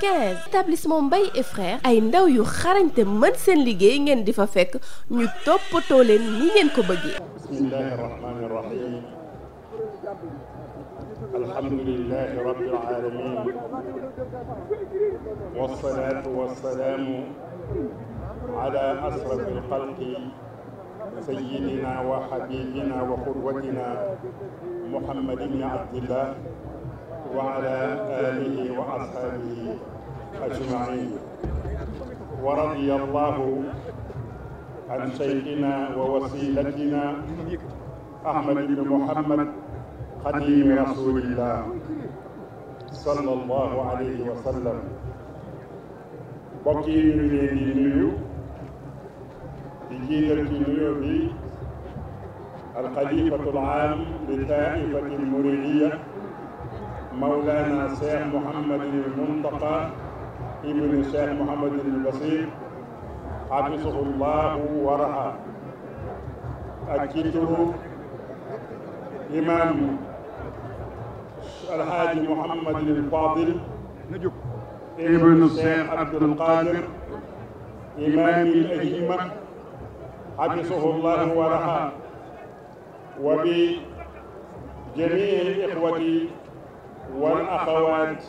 15 établissement Mbaye et ay ndaw yu xarañte mën seen liggéey ngeen di fa fekk ñu toppatoo leen ni ngeen ko bëggee. bismillahi rahmani rahim alhamdulillahi rabbil alamin wassalatu wassalamu ala asrafil xalqi sayyidina wa habibina wa qudwatina muhammad ibni abdillah وعلى آله وأصحابه أجمعين ورضي الله عن شيخنا ووسيلتنا أحمد بن محمد قديم رسول الله صلى الله عليه وسلم bokk yi ñu leen di nuyu di jiital ci nuyu bi alxalifatul aam li taaifatil muridiya مولانا الشيخ محمد المنتقى ابن الشيخ محمد البصير حفظه الله ورعاه أكيده إمام الحاج محمد الفاضل ابن الشيخ عبد القادر إمام الأئمة حفظه الله ورعاه وبجميع إخوتي والأخوات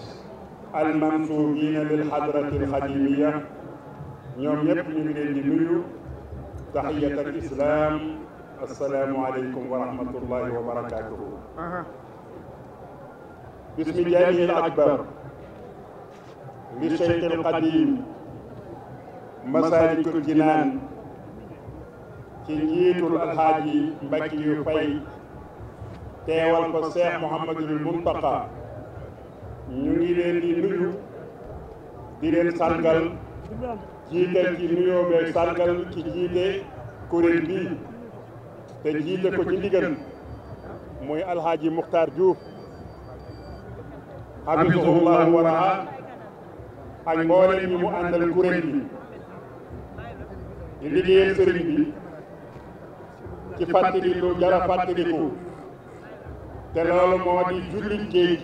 المنسوبين للحضرة الخديمية ñoom ñëpp ñu ngi leen di nuyu taxiyat al islaam assalaamu aleykum wa rahmatullahi wa barakatuhu bismi jaamihi al akbar li cheikh al qadim masalikul jinaan ci njiitul alhaaji mbakki yu fay teewal ko cheikh mouhamadul muntaqa ñu ngi leen di nuyu di leen sargal jiital ci nuyoo beeg sargal ci jiite kuréel bii te jiite ko ci muy alxaaji Muxtaar Diouf xafisahullahu wa raha ak mboolem ñi mu àndal kuréel bi di sëriñ bi ci fàttali lu jara fàttaliku te loolu moo di julli géej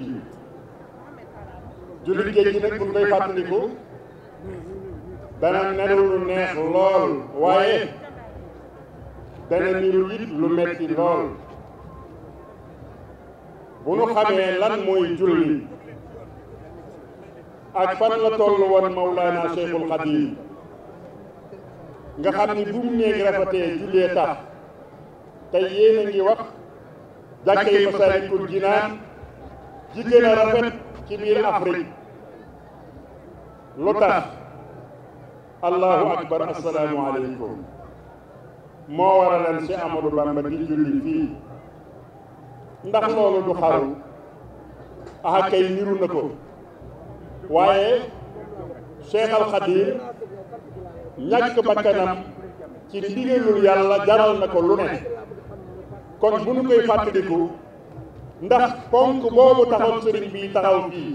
julli géej gi nag buñ koy fàttaliku dana nelaw neex lool waaye dana niru it lu metti lool bu nu xamee lan mooy julli ak fan la tollu woon Mawlana Cheikhul Khadim nga xam ni bu mu néeg rafetee jullee tax te yéen a ngi wax jàkkee Masaalikul Jinaan ji gën rafet ci biir Afrique tax allahu akbar assalaamu aleykum moo waraleen ci Amadou Bamba di julli fii ndax loolu du xaru aha kay niru na ko waaye Cheikh Al Khadim ñàkk bakkanam ci ndigalul yàlla jaral na ko lu ne kon bu nu koy fàttaliku ndax ponk boobu taxoon sëriñ bi taxaw fii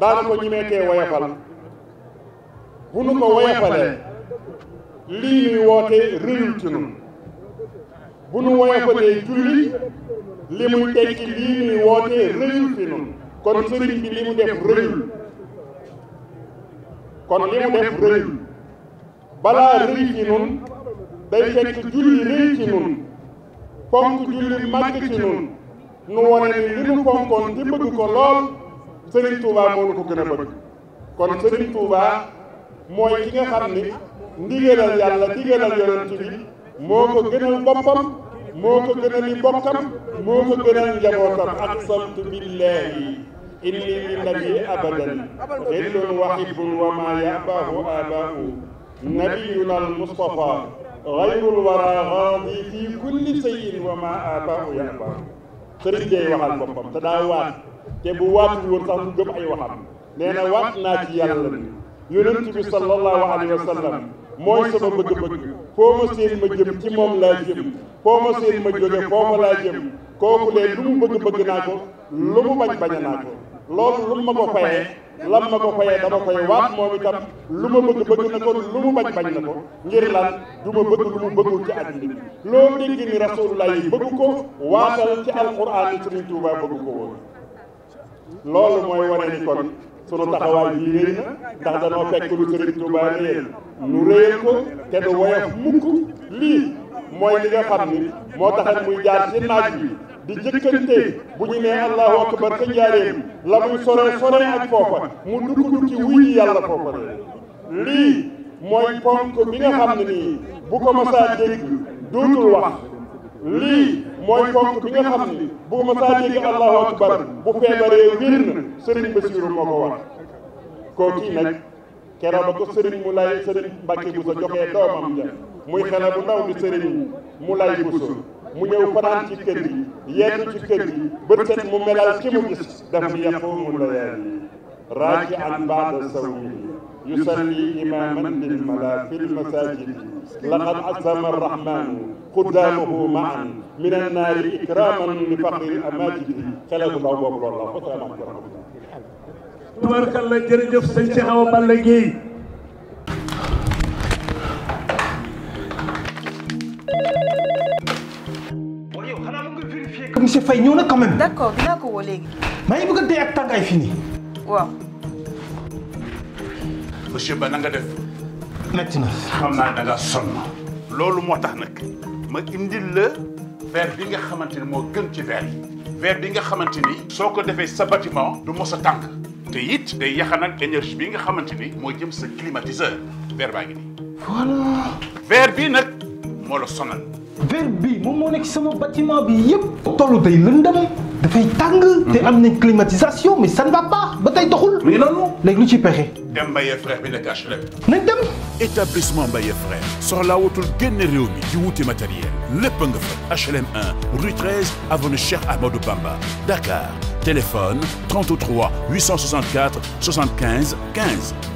daana ko ñimeetee woyafal bu nu ko woyafalee lii ñuy woote réyul ci nun bu nu woyafalee julli li muy tekki lii ñuy woote réyul ci nun kon sëriñ bi li mu def réyul kon li mu def réyul balaa réy ci nun day fekk julli réy ci nun ponk julli màgg ci nun nu wane ni li nu fonkoon ci ko lool Serigne Touba moo nu ko gën a bëgg kon Serigne Touba mooy ki nga xam ni ndigalal yàlla ndigalal yonent bi moo boppam moo ko gënal i bokkam moo ak sant billahi inni min nabi abadan xillun waxibun wa maa yabahu abahu al mustafa xayrul wara xaadi fi kulli sayin wa maa abahu sëriñ day waxal boppam te daa waat te bu waatul woon sax mu gëm ay waxam nee na waat naa ci yàlla ni yonent bi sallallahu alayhi wa sallam mooy sama bëgg-bëgg foo ma seen ma jëm ci moom laa jëm foo ma seen ma jóge foofa laa jëm kooku de lu mu bëgg-bëgg naa ko lu mu bañ bañ naa ko loolu lu mu ma ko fayee lam ma ko koyee dama koy waat moom itam lu ma bëgg bëgg na ko lu mu bañ bañ na ko ngir lan du ma bëgg lu mu bëggul ci àddina loo dégg ni rasulullah yi bëgg ko waatal ci alquran yi Sëriñ Tuuba ko woon loolu mooy wane ni kon sunu taxawaay bii réy na ndax danoo fekk lu Sëriñ Tuuba réyal nu réyal ko te du woyof mukk lii mooy li nga xam ni moo taxat muy jaar ci naaj bi di jëkkante bu ñu nee allahu akbar sa njaareem la muy sore sore ak foofa mu dugg ci wuy yàlla foofa de lii mooy ponk bi nga xam ne nii bu ko masaa dégg dootul wax lii mooy ponk bi nga xam ni bu ko masaa dégg allahu akbar bu feebaree wér na sëriñ Basiiru moo ko wax kooki nag keroog ba ko sëriñ mu lay sëriñ Mbàkke bu joxee doomam ja muy xale bu ndaw di sëriñ mu lay bu mu ñëw fanaan ci kër yi yenn ci kër yi bët set mu melal ki mu gis daf yaqumu layaali raaji an baada sawmihi yusalli imaman lil mala fi lmasajidi laqad azama arrahmanu quddaamuhu maan min annaari ikraman li faqri amajidi xelal bu ndaw boobu loolu la wasalaamaaleykum wa rahmatulah tubarkalla jërëjëf sëñ Cheikh Awa Balla Gueye monsieur Faye ñëw na quand même. d'accord dinaa ko woo léegi. maa ngi bëgg a dee ak tàngaay fii nii. waaw. monsieur Ba na nga def. metti na. xam naa da loolu moo tax nag ma indi la verre bi nga xamante ni moo gën ci verre yi. verre bi nga xamante ni. soo ko defee sa bâtiment du mos sa tànk. te it day yaxanal énergie bi nga xamante ni moo jëm sa climatiseur verre baa ngi nii. bii nag moo la sonal. verre bii moom moo sama bâtiment bi yëpp. tollu de lëndëm dafay tàng. te mhm. am nañ climatisation mais ça va pas ba tey doxul. mais loolu léegi lu ci pexe. dem Mbaye frère bi nekk HLM. nañ dem. établissement Mbaye frère soxlaa wutul génn réew mi di wuti matériel lépp nga fa HLM 1 rue 13 avenue Cheikh Amadou Bamba Dakar téléphone 33 864 75 15.